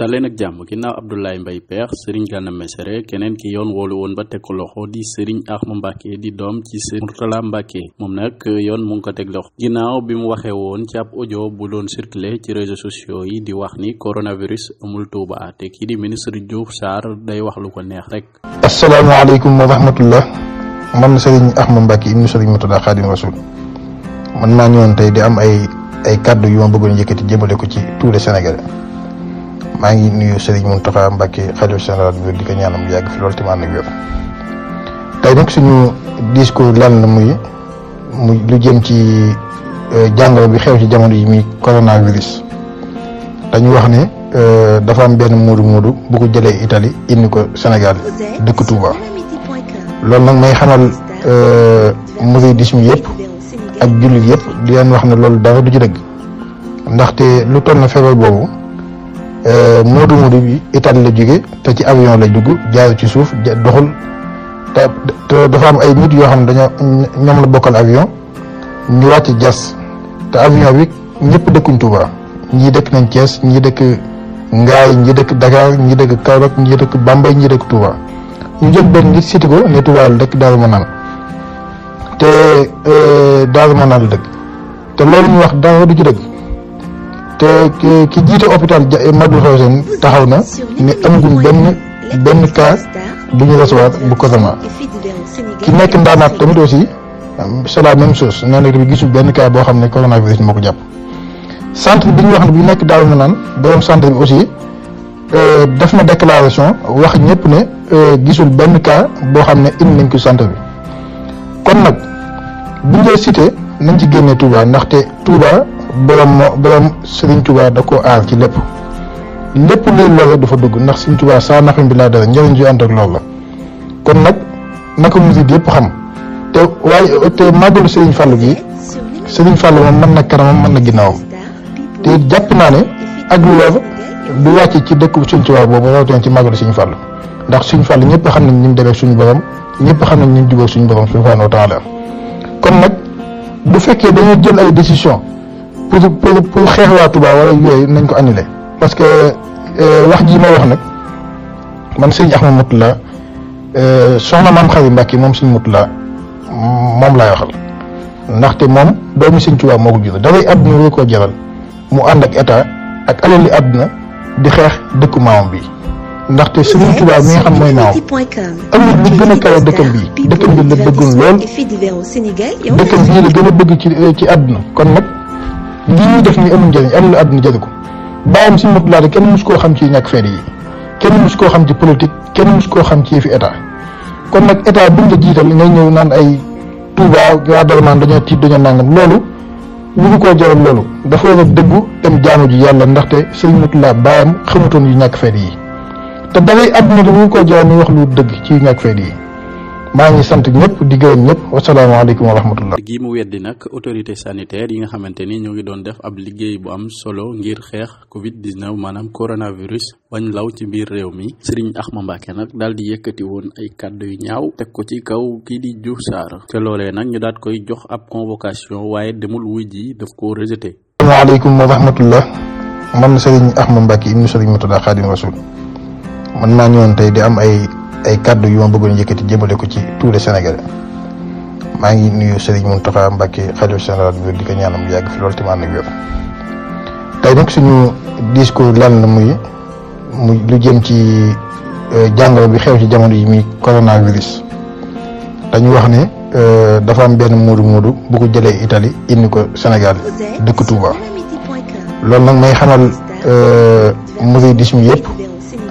daleen ak jàmm ginnaaw Abdoulaye Mbaye Pekh Serigne Gana Messere keneen ki yoon woolu woon ba teg ko loxo di Serigne Axma Mbacke di doom ci Serigne Mourtala Mbacke moom nag yoon mu ngi ko teg loxo bi mu waxee woon ci ab bu doon circulé ci réseaux sociaux yi di wax ni coronavirus amul Touba te kii di ministre Diouf Sarr day wax lu ko neex rek. asalaamaaleykum wa rahmatullah man Serigne Axma Mbacke ibnu Serigne Mourtala Xaadim Rasul man maa ñëwoon tey di am ay ay kàddu yu ma bëggoon yëkkati jëmale ko ci tous les Sénégalais. maa ngi nuyu Serigne Mountakha Mbacké xalif général bi di ko ñaanal mu yàgg fi loolu tamit ànd ak wér tey nag suñu discours lan la muy mu lu jëm ci euh, jàngoro bi xew ci jamono ji muy coronavirus dañu wax ne euh, dafa am benn muudu muudu bu ko jëlee Italie indi ko Sénégal dëkk Touba loolu nag may xamal euh, mouridisme yëpp ak jullit yëpp di leen wax ne loolu dara du ci dëgg ndaxte lu toll na feebar boobu. Euh, moodu moodu bi itaan la jóge te ci avion lay dugg jaayu ci suuf doxul te dafa am ay nit yoo xam ne dañoo ñoom la bokkal avion ñu wàcc jas te avion bi ñëpp dëkkuñ Touba ñii dëkk nañ Thiès ñii dëkk Ngaay ñii dëkk Dakar ñii dëkk Kaolack ñii dëkk Bambey ñii dëkk Touba ñu jël benn nit siti ko ne Touba la dëkk Daaru Manaan te euh, Daaru Manaan la dëkk te loolu ñu wax dara du ci dëgg te ki jiite hôpital Matlaboul Fawzeyni taxaw na ne amagum benn benn cas bu ñu recevoir bu Casamance ki nekk ndaanaat tamit aussi c'est la même chose nee bi tamit gisul benn cas boo xam ne coronavirus moo ko jàpp. centre bi ñu wax ne bu nekk daal na naan borom centre bi aussi euh, def na déclaration wax ñëpp ne euh, gisul benn cas boo xam ne indi nañ ko centre bi kon nag bu ñu cité nañ ci génnee Touba ndaxte Touba. borom moo borom Serigne Touba da ko aar ci lépp lépp luy lor dafa dugg ndax Serigne Touba saa nafin bi laa dara njëriñ ju ànd ak loolu la kon nag naka murid yëpp xam te waaye te màggalu Serigne Fallou gi Serigne Fallou moom mën na kanamam mën na ginnaawam te jàpp naa ne ak loolu du wàcc ci dëkk Serigne Touba boobu rawatina ci màggalu Serigne Fallou ndax Serigne Fallou ñëpp xam nañ ni mu demee suñu borom ñëpp xam nañ ni mu jubóo suñu borom subhanahu wa taala kon nag bu fekkee dañoo jël ay décision pour pour xeex waa Touba wala yooyu nañ ko annulé parce que euh, wax ji ma wax nag man sëñ Ahmadou Moutalla euh, soxna maam Xadim Mbàkke moom sëñ Moutalla moom laay waxal ndaxte moom doomi sëñ Touba moo ko jural dafay àdduna woo koo jaral mu ànd ak état ak alal li àdduna di xeex dëkku maamam bi ndaxte sëñ Touba mi xam mooy maam amul bu gën a kawe dëkkam bii dëkkam bi la bëggoon lool dëkkam bii la gën a bëgg ci ci àdduna kon nag li ñuy def nii amul am amul àdduna jëriñ ko bàyyam si mot laa kenn mus koo xam ci ñàkk fere yi kenn mus koo xam ci politique kenn mus koo xam ci fi état kon nag état buñ la jiital ngay ñëw naan ay Touba waa Darman dañoo tiit dañoo nangam loolu lu ñu koo jaral loolu dafa war a dëggu dem jaamu ji yàlla ndaxte sëñ mot laa bàyyam xamutoon yu ñàkk fere yi te dalay àdduna lu mu koy jaral ñu wax lu dëgg ci ñàkk fere yi. maa ngi sant ñëpp di gërëm ñëpp wasalaamaaleykum wa rahmatullah gi mu weddi nag autorité sanitaire yi nga xamante ni ñoo ngi doon def ab liggéey bu am solo ngir xeex covid 19 maanaam coronavirus bañ law ci biir réew mi Serigne Axma Mbacke nag daal di yëkkati woon ay kàddu yu ñaaw teg ko ci kaw kii di Diouf Sarr te nag ñu daat koy jox ab convocation waaye demul wuy ji daf ko rejeté asalaamaaleykum wa rahmatullah man Serigne Axma Mbacke ibnu Serigne Moutada Khadim Rasoul man maa am ay ay kàddu yu ma bëggoon yëkkati jëmale ko ci tous les Sénégalais maa ngi nuyu Serigne Mountakha Mbacké xalifa général bi di ko mu yàgg fi loolu tamit ànd ak tey nag suñu discours lan la muy mu lu jëm ci euh, jàngoro bi xew ci jamono ji muy coronavirus dañu wax ne euh, dafa am benn muudu muudu bu ko jëlee Italie indi ko Sénégal dëkk Touba loolu nag may xamal euh, mouridisme yëpp.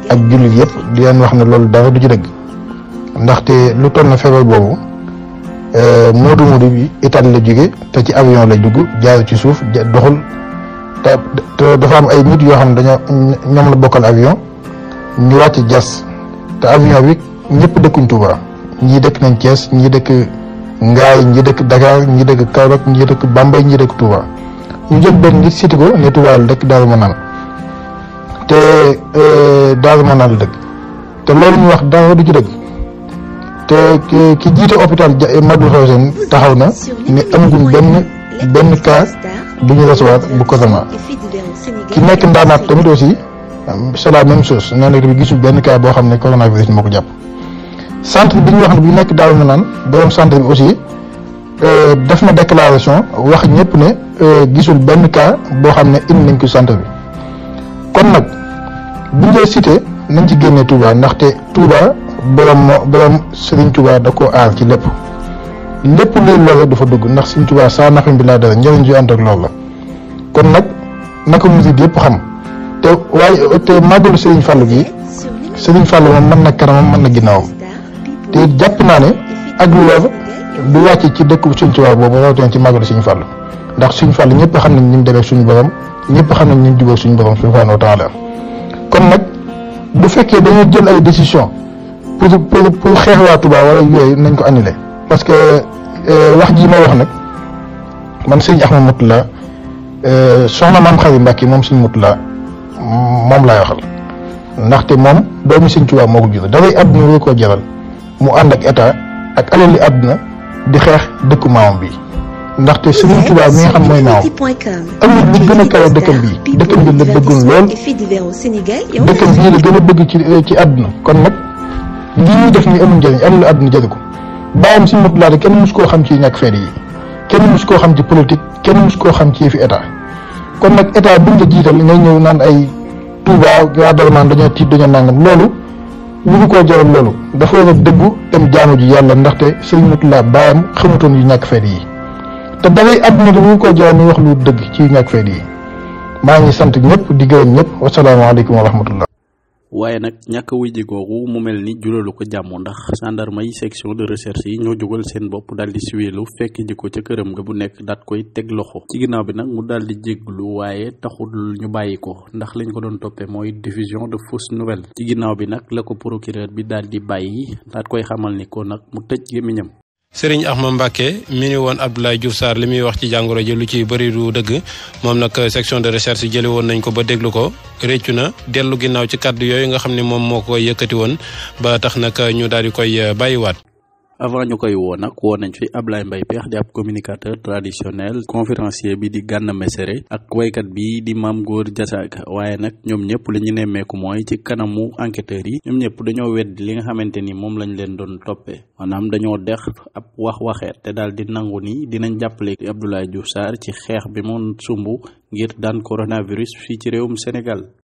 ak jullit yëpp di leen wax na loolu dara du ci dëgg ndaxte lu toll na feebar boobu euh, moodu moodu bi Italie la jóge te ci avion la dugg jaar ci suuf doxul te dafa am ay nit yoo xam ne dañoo ñoom la bokkal avion ñu wàcc jas te avion bi ñëpp dëkkuñ Touba ñii dëkk nañ Thiès ñii dëkk Ngaay ñii dëkk Dakar ñii dëkk Kaolack ñii dëkk Bambey ñi dëkk Touba ñu jël benn nit ko ne Touba la dëkk Daaru Manaan te daasama naa lu dëgg te loolu mu wax dara du ci dëgg te ki jiite hôpital Matlaboul Fawzeyni taxaw na ni amaguñ benn benn cas bu ñu recevoir bu Casamance ki nekk ndaanaat tamit aussi c'est la même chose nee na tamit gisul benn cas boo xam ne coronavirus moo ko jàpp. centre bi ñu wax ne bu nekk daal na naan borom centre bi aussi euh, def na déclaration wax ñëpp ne euh, gisul benn cas boo xam ne indi nañ ko centre bi. kon nag buñ dee cité nañ ci génne Touba ndaxte Touba borom moo borom Serigne Touba da ko aar ci lépp lépp luy loola dafa dugg ndax Serigne Touba saa naxam bi laa dara njëriñ ju ànd ak loolu la kon nag naka murid yëpp xam te waaye te màggalu Serigne Fallou gi Serigne Fallou moom mën na kanamam mën na ginnaaw te jàpp naa ne ak loolu du wàcc ci dëkk Serigne Touba boobu rawatina ci màggalu Serigne Fallou ndax suñ Fallou ñëpp xam nañ ñu mu demee suñu borom. ñëpp xam nañ ñu ngi jubóo suñu borom subhanahu wa taala kon nag bu fekkee dañoo jël décision pour pour pour xeex waa Touba yooyu nañ ko annulé parce que euh, wax jii ma wax nag man si sëñ Ahmad Moutalla euh, soxna maam Xawi Mbàkke moom sëñ Moutalla moom laay waxal ndaxte moom doomi sëñ Touba moo ko jural dafay àdduna woo koo jaral mu ànd ak état ak alali àdduna di xeex dëkku maamam bi ndaxte Serigne Touba mi nga xam mooy naaw amul bu gën a kawe dëkkam bi dëkkam bi la bëggoon lool dëkkam bii gën a bëgg ci eh, ci àdduna kon nag lii ñuy def ni amul njëriñ amul àdduna jëriñ ko bàyyam si mot laa kenn mus koo xam ci ñàkk feer yi kenn mus koo xam ci politique kenn mus koo xam ci fi état kon nag état buñ la jiital ngay ñëw naan ay Touba waa Darman dañoo tiit dañoo nangam loolu lu ñu koo jaral loolu dafa war a dëggu dem jaanu ji yàlla ndaxte Serigne Moutalla bàyyam xamutoon yu ñàkk feer yi te dangay àdduna bi bu ko jaay ñu wax lu dëgg ci ñàkk fee yi maa ngi sant ñëpp di gërëm ñëpp wasalaamaaleykum wa waaye nag ñàkk wuy ji mu mel ni juralu ko jàmm ndax gendarme yi section de recherche yi ñoo jógal seen bopp daal di siweelu fekk ji ko ca këram nga bu nekk daat koy teg loxo ci ginnaaw bi nag mu daal di jégglu waaye taxul ñu bàyyi ko ndax lañ ko doon toppee mooy diffusion de fausse nouvelle ci ginnaaw bi nag la ko procureur bi daal di bàyyi daat koy xamal ni ko nag mu tëj gémmiñam sëriñ Axma Mbacke mi ni woon Abdoulaye Diouf Sarr li muy wax ci jàngoro ji lu ci bëri du dëgg moom nag section de recherche jëli woon nañ ko ba déglu ko réccu na dellu ginnaaw ci kàddu yooyu nga xam ni moom moo ko yëkkati woon ba tax nag ñu daal di koy bàyyiwaat. avant ñu koy woo nag woo nañ fi Ablaye mbay Peex di ab communicateur traditionnel conférencier bi di Gana Messere ak waykat bi di Mame Gor Diazaka waaye nag ñoom ñëpp li ñu nemmeeku mooy ci kanamu enquêteurs yi ñoom ñëpp dañoo weddi li nga xamante ni moom lañ leen doon toppee maanaam dañoo dex ab wax waxeet te daal di nangu ni dinañ jàppale Abdoulaye Diouf Sarr ci xeex bi mu sumbu ngir daan coronavirus fii ci réewum Sénégal